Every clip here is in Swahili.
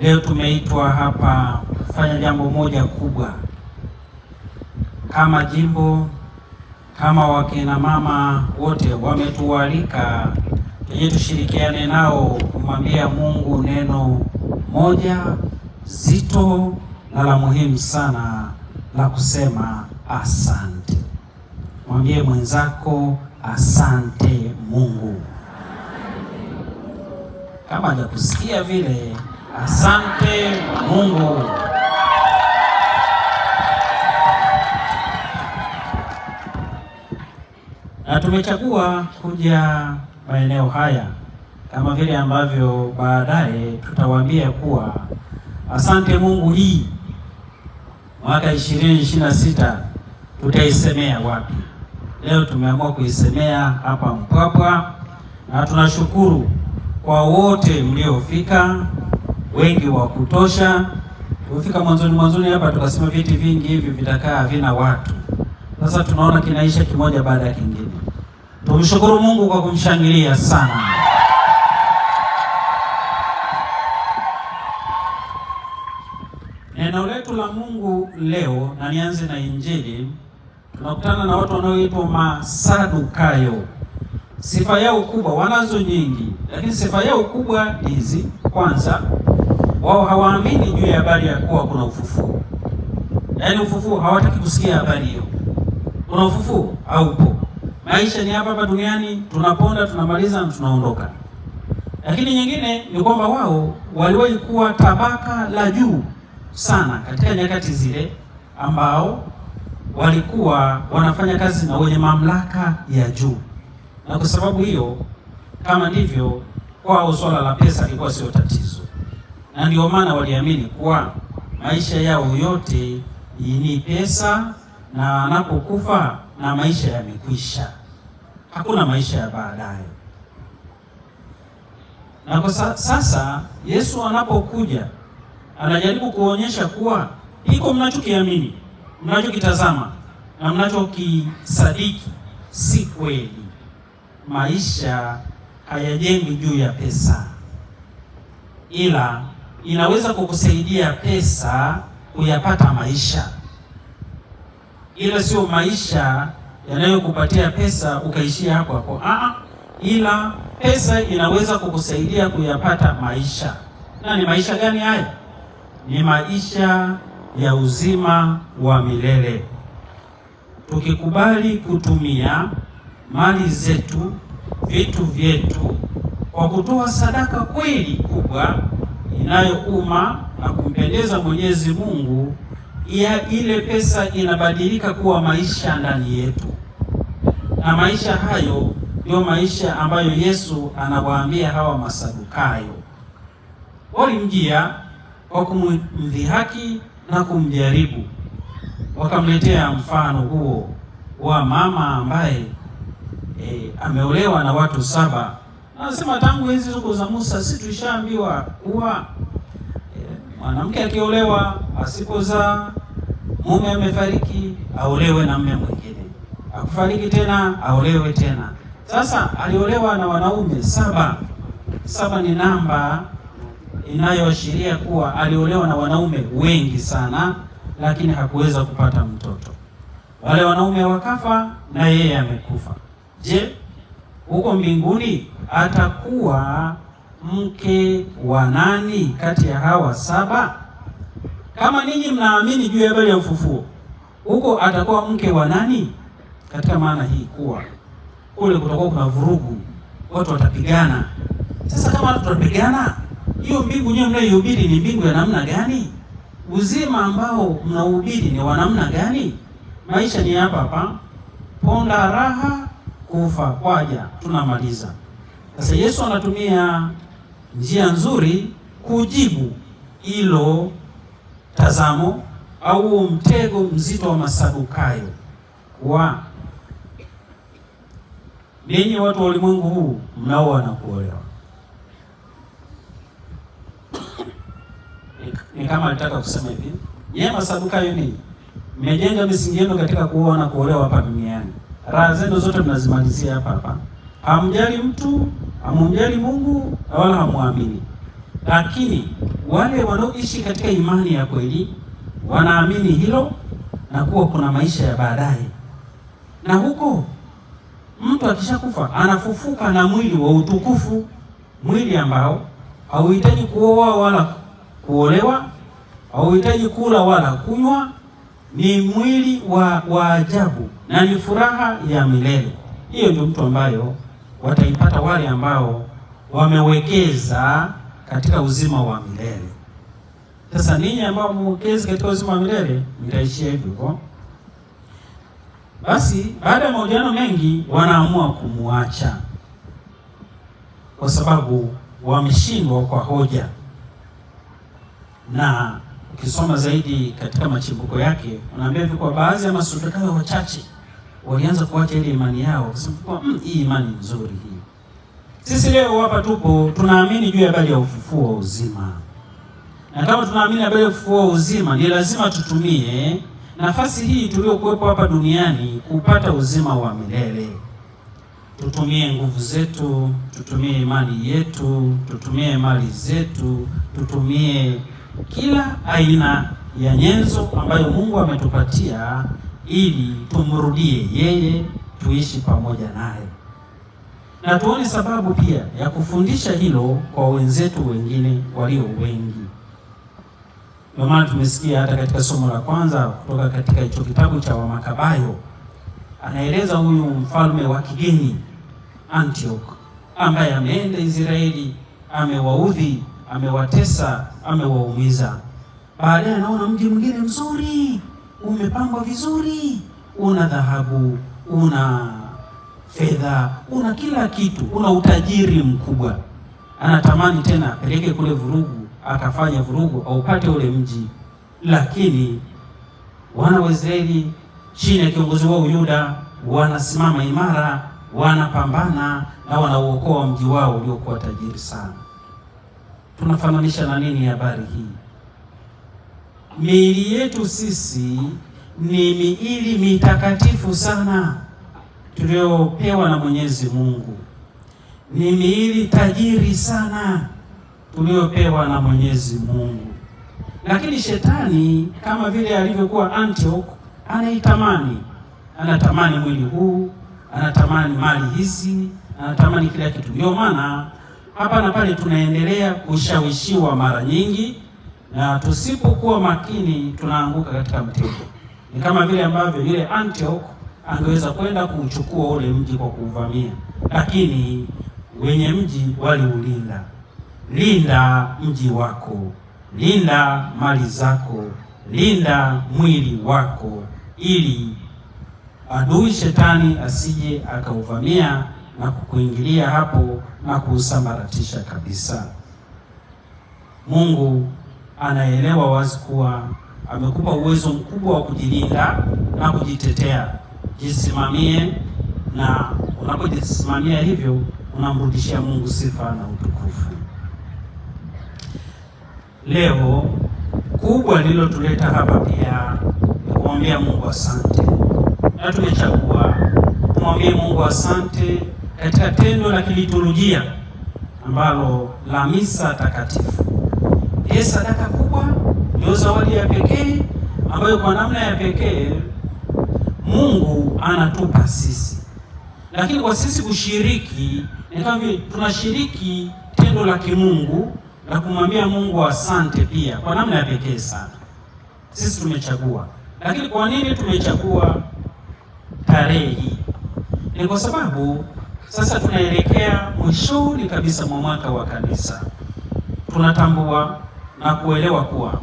Leo tumeitwa hapa kufanya jambo moja kubwa kama jimbo, kama wakina mama wote wametualika ili tushirikiane nao kumwambia Mungu neno moja zito na la muhimu sana la kusema asante. Mwambie mwenzako asante Mungu. Kama hajakusikia vile Asante Mungu. Na tumechagua kuja maeneo haya kama vile ambavyo baadaye tutawaambia kuwa Asante Mungu hii mwaka 2026 tutaisemea wapi. Leo tumeamua kuisemea hapa Mpwapwa na tunashukuru kwa wote mliofika wengi wa kutosha. Tumefika mwanzoni mwanzoni hapa tukasema viti vingi hivi vitakaa havina watu, sasa tunaona kinaisha kimoja baada ya kingine. Tumshukuru Mungu kwa kumshangilia sana. Neno letu la Mungu leo, na nianze na Injili. Tunakutana na watu wanaoitwa Masadukayo. Sifa yao kubwa, wanazo nyingi, lakini sifa yao kubwa hizi, kwanza wao hawaamini juu ya habari ya kuwa kuna ufufuo, yaani ufufuo, hawataki kusikia habari hiyo. Kuna ufufuo upo? Maisha ni hapa hapa duniani, tunaponda, tunamaliza na tunaondoka. Lakini nyingine ni kwamba wao waliwahi kuwa tabaka la juu sana katika nyakati zile, ambao walikuwa wanafanya kazi na wenye mamlaka ya juu, na kwa sababu hiyo, kama ndivyo kwao, swala la pesa lilikuwa sio tatizo na ndio maana waliamini kuwa maisha yao yote ni pesa, na wanapokufa na maisha yamekwisha, hakuna maisha ya baadaye. Na kwa sasa Yesu anapokuja anajaribu kuonyesha kuwa iko mnachokiamini, mnachokitazama na mnachokisadiki si kweli. Maisha hayajengwi juu ya pesa, ila inaweza kukusaidia pesa kuyapata maisha, ila sio maisha yanayokupatia pesa ukaishia hapo hapo. Ah, ila pesa inaweza kukusaidia kuyapata maisha. Na ni maisha gani haya? Ni maisha ya uzima wa milele. Tukikubali kutumia mali zetu, vitu vyetu kwa kutoa sadaka kweli kubwa inayouma na kumpendeza Mwenyezi Mungu, ya ile pesa inabadilika kuwa maisha ndani yetu, na maisha hayo ndio maisha ambayo Yesu anawaambia hawa Masadukayo walimjia kwa kumdhihaki na kumjaribu, wakamletea mfano huo wa mama ambaye e, ameolewa na watu saba Anasema tangu enzi zuko za Musa sisi tulishaambiwa kuwa eh, mwanamke akiolewa asipozaa mume amefariki, aolewe na mume mwingine, akufariki tena aolewe tena. Sasa aliolewa na wanaume saba. Saba ni namba inayoashiria kuwa aliolewa na wanaume wengi sana, lakini hakuweza kupata mtoto. Wale wanaume wakafa na yeye amekufa. Je, huko mbinguni atakuwa mke wa nani kati ya hawa saba? Kama ninyi mnaamini juu ya habari ya ufufuo, huko atakuwa mke wa nani? Katika maana hii kuwa kule kutakuwa kuna vurugu, watu watapigana. Sasa kama watu watapigana, hiyo mbingu nyewe mnayohubiri ni mbingu ya namna gani? Uzima ambao mnauhubiri ni wa namna gani? Maisha ni hapa hapa, ponda raha kufa kwaja, tunamaliza. Sasa Yesu anatumia njia nzuri kujibu hilo tazamo au mtego mzito wa Masadukayo kuwa ninyi watu wa ulimwengu huu mnaoa na kuolewa. Ni kama alitaka kusema hivi, nyie Masadukayo ni mmejenga misingi yenu katika kuoa na kuolewa hapa duniani raha zenu zote mnazimalizia hapa hapa. Hamjali mtu, hamumjali Mungu wala hamwamini. Lakini wale wanaoishi katika imani ya kweli wanaamini hilo na kuwa kuna maisha ya baadaye, na huko mtu akishakufa anafufuka na mwili wa utukufu, mwili ambao hauhitaji kuoa wala kuolewa, hauhitaji kula wala kunywa ni mwili wa, wa ajabu na ni furaha ya milele. Hiyo ndio mtu ambayo wataipata wale ambao wamewekeza katika uzima wa milele. Sasa ninyi ambao mwekezi katika uzima wa milele mtaishia hivyo hivyo. Basi baada ya mahojiano mengi, wanaamua kumwacha kwa sababu wameshindwa kwa hoja na ukisoma zaidi katika machimbuko yake unaambia hivi, kwa baadhi ya masubira wachache walianza kuacha ile imani yao, kwa mm, hii imani nzuri hii. Sisi leo hapa tupo tunaamini juu ya habari ya ufufuo wa uzima, na kama tunaamini habari ya ufufuo wa uzima, ni lazima tutumie nafasi hii tuliokuwepo hapa duniani kupata uzima wa milele. Tutumie nguvu zetu, tutumie imani yetu, tutumie mali zetu, tutumie kila aina ya nyenzo ambayo Mungu ametupatia ili tumrudie yeye, tuishi pamoja naye, na tuone sababu pia ya kufundisha hilo kwa wenzetu wengine walio wengi. Ndio maana tumesikia hata katika somo la kwanza kutoka katika hicho kitabu cha Wamakabayo, anaeleza huyu mfalme wa kigeni Antioch ambaye ameenda Israeli, amewaudhi, amewatesa amewaumiza. Baadaye anaona mji mwingine mzuri umepambwa vizuri, una dhahabu, una fedha, una kila kitu, una utajiri mkubwa. Anatamani tena apeleke kule vurugu, akafanya vurugu, aupate ule mji, lakini wana wa Israeli chini ya kiongozi wao Yuda wanasimama imara, wanapambana na wanauokoa mji wao uliokuwa tajiri sana tunafananisha na nini habari hii? Miili yetu sisi ni miili mitakatifu sana tuliyopewa na Mwenyezi Mungu, ni miili tajiri sana tuliyopewa na Mwenyezi Mungu, lakini shetani kama vile alivyokuwa Antioch, anaitamani, anatamani mwili huu, anatamani mali hizi, anatamani kila kitu, ndio maana hapa na pale, tunaendelea kushawishiwa mara nyingi, na tusipokuwa makini tunaanguka katika mtego. Ni kama vile ambavyo yule Antioch angeweza kwenda kuuchukua ule mji kwa kuuvamia, lakini wenye mji waliulinda. Linda mji wako, linda mali zako, linda mwili wako, ili adui shetani asije akauvamia na kukuingilia hapo na kuusambaratisha kabisa. Mungu anaelewa wazi kuwa amekupa uwezo mkubwa wa kujilinda na kujitetea. Jisimamie, na unapojisimamia hivyo unamrudishia Mungu sifa na utukufu. Leo kubwa lililotuleta hapa pia ni kumwambia Mungu asante, na tumechagua tumwambie Mungu asante katika tendo la kiliturujia ambalo la misa takatifu. Ndiye sadaka kubwa, ndio zawadi ya pekee ambayo kwa namna ya pekee Mungu anatupa sisi, lakini kwa sisi kushiriki ni kama vile tunashiriki tendo la kimungu la kumwambia Mungu asante, pia kwa namna ya pekee sana. Sisi tumechagua, lakini kwa nini tumechagua tarehe hii? Ni kwa sababu sasa tunaelekea mwishoni kabisa mwa mwaka wa kanisa. Tunatambua na kuelewa kuwa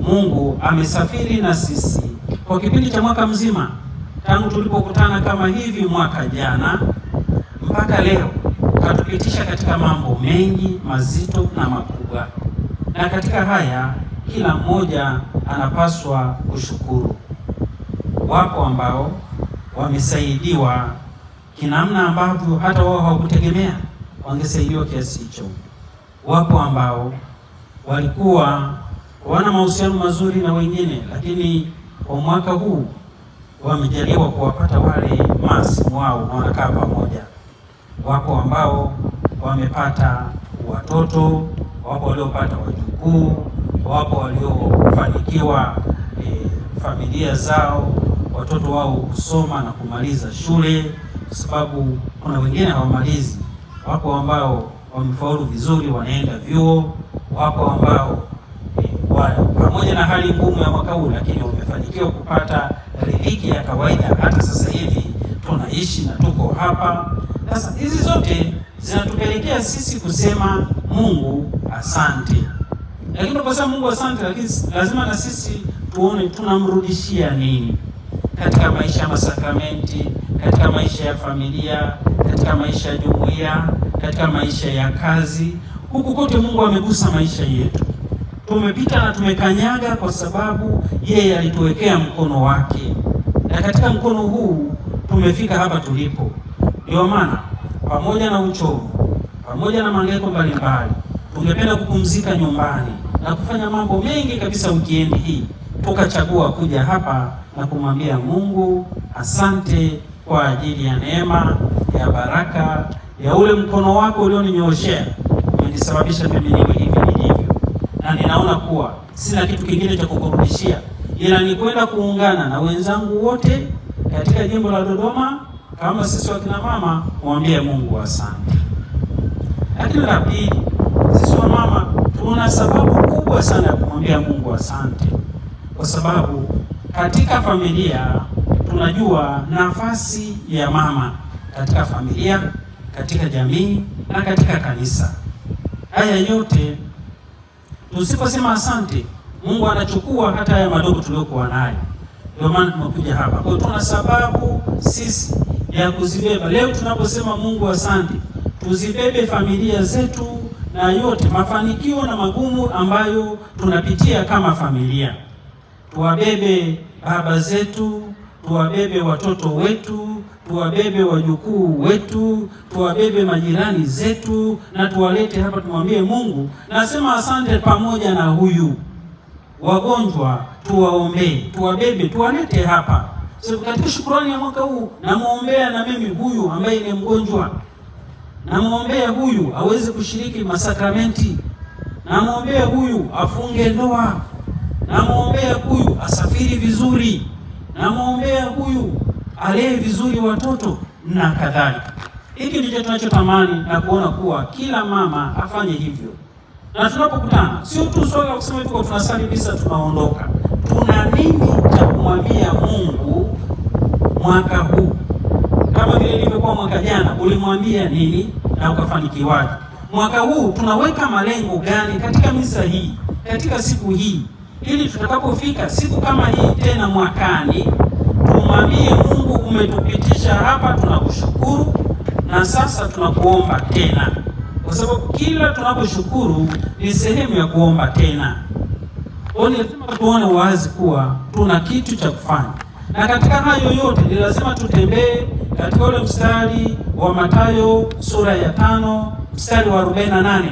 Mungu amesafiri na sisi kwa kipindi cha mwaka mzima tangu tulipokutana kama hivi mwaka jana mpaka leo, katupitisha katika mambo mengi mazito na makubwa, na katika haya kila mmoja anapaswa kushukuru. Wapo ambao wamesaidiwa kinamna ambavyo hata wao hawakutegemea wangesaidiwa kiasi hicho. Wapo ambao walikuwa wana mahusiano mazuri na wengine, lakini kwa mwaka huu wamejaliwa kuwapata wale masimu wao na wanakaa pamoja. Wapo ambao wamepata watoto, wapo waliopata wajukuu, wapo waliofanikiwa e, familia zao, watoto wao kusoma na kumaliza shule kwa sababu kuna wengine hawamalizi. Wapo ambao wamefaulu vizuri, wanaenda vyuo, wapo ambao eh, pamoja na hali ngumu ya mwaka huu, lakini wamefanikiwa kupata riziki ya kawaida. Hata sasa hivi tunaishi na tuko hapa. Sasa hizi zote zinatupelekea sisi kusema Mungu asante, lakini tunaposema Mungu asante, lakini lazima na sisi tuone tunamrudishia nini katika maisha ya masakramenti, katika maisha ya familia, katika maisha ya jumuiya, katika maisha ya kazi. Huku kote Mungu amegusa maisha yetu, tumepita na tumekanyaga, kwa sababu yeye alituwekea mkono wake, na katika mkono huu tumefika hapa tulipo. Ndio maana pamoja na uchovu, pamoja na mangeko mbalimbali, tungependa kupumzika nyumbani na kufanya mambo mengi kabisa wikendi hii tukachagua kuja hapa na kumwambia Mungu asante kwa ajili ya neema ya baraka ya ule mkono wako ulioninyooshea umenisababisha mimi niwe hivi nilivyo, na ninaona kuwa sina kitu kingine cha kukurudishia ila ni kwenda kuungana na wenzangu wote katika jimbo la Dodoma kama sisi wakina mama mwambie Mungu asante. Lakini la pili, sisi wamama tuna sababu kubwa sana ya kumwambia Mungu asante kwa sababu katika familia tunajua nafasi ya mama katika familia, katika jamii na katika kanisa. Haya yote tusiposema asante, Mungu anachukua hata haya madogo tuliyokuwa nayo. Ndio maana tumekuja hapa, kwa hiyo tuna sababu sisi ya kuzibeba. Leo tunaposema Mungu asante, tuzibebe familia zetu na yote mafanikio na magumu ambayo tunapitia kama familia tuwabebe baba zetu, tuwabebe watoto wetu, tuwabebe wajukuu wetu, tuwabebe majirani zetu, na tuwalete hapa, tumwambie Mungu, nasema asante pamoja na huyu wagonjwa tuwaombee, tuwabebe, tuwalete hapa. katika shukurani ya mwaka huu namwombea na mimi huyu ambaye ni mgonjwa, namwombea huyu aweze kushiriki masakramenti, namwombea huyu afunge ndoa namwombea huyu asafiri vizuri, namwombea huyu alee vizuri watoto na kadhalika. Hiki ndicho tunachotamani na kuona kuwa kila mama afanye hivyo, na tunapokutana sio tu swala la kusema tuko tunasali bisa tunaondoka. Tuna nini cha kumwambia Mungu mwaka huu, kama vile ilivyokuwa mwaka jana? Ulimwambia nini na ukafanikiwaje? Mwaka huu tunaweka malengo gani katika misa hii, katika siku hii? ili tutakapofika siku kama hii tena mwakani tumwambie Mungu, umetupitisha hapa, tunakushukuru na sasa tunakuomba tena, kwa sababu kila tunaposhukuru ni sehemu ya kuomba tena. Kwa lazima tuone wazi kuwa tuna kitu cha kufanya, na katika hayo yote ni lazima tutembee katika ule mstari wa Mathayo sura ya tano mstari wa 48.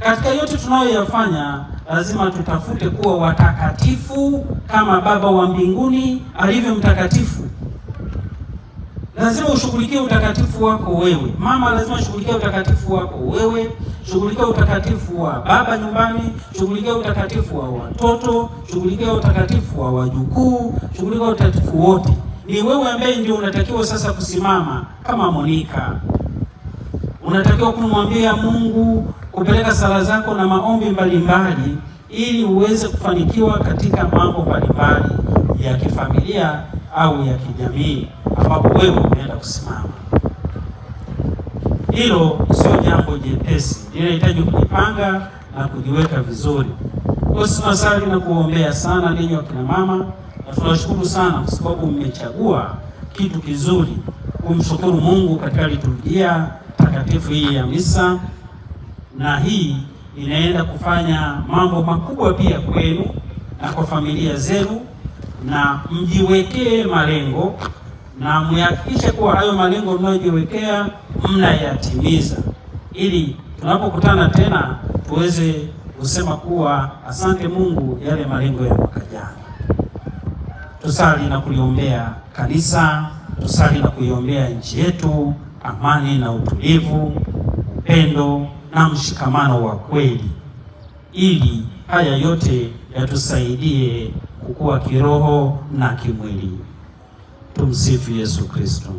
Katika yote tunayoyafanya lazima tutafute kuwa watakatifu kama Baba wa mbinguni alivyo mtakatifu. Lazima ushughulikie utakatifu wako wewe. Mama lazima shughulikia utakatifu wako wewe, shughulikia utakatifu wa baba nyumbani, shughulikia utakatifu wa watoto, shughulikia utakatifu wa wajukuu, shughulikia utakatifu wote. Ni wewe ambaye ndio unatakiwa sasa kusimama kama Monika, unatakiwa kumwambia Mungu kupeleka sala zako na maombi mbalimbali, ili uweze kufanikiwa katika mambo mbalimbali ya kifamilia au ya kijamii ambapo wewe umeenda kusimama. Hilo sio jambo jepesi, linahitaji kujipanga na kujiweka vizuri. Tunasali na kuombea sana ninyi wakina mama, na tunashukuru sana kwa sababu mmechagua kitu kizuri kumshukuru Mungu katika liturujia takatifu hii ya misa na hii inaenda kufanya mambo makubwa pia kwenu na kwa familia zenu, na mjiwekee malengo na mhakikishe kuwa hayo malengo mnayojiwekea mnayatimiza, ili tunapokutana tena tuweze kusema kuwa asante Mungu, yale malengo ya mwaka jana. Tusali na kuliombea kanisa, tusali na kuiombea nchi yetu, amani na utulivu, upendo na mshikamano wa kweli, ili haya yote yatusaidie kukua kiroho na kimwili. Tumsifu Yesu Kristo.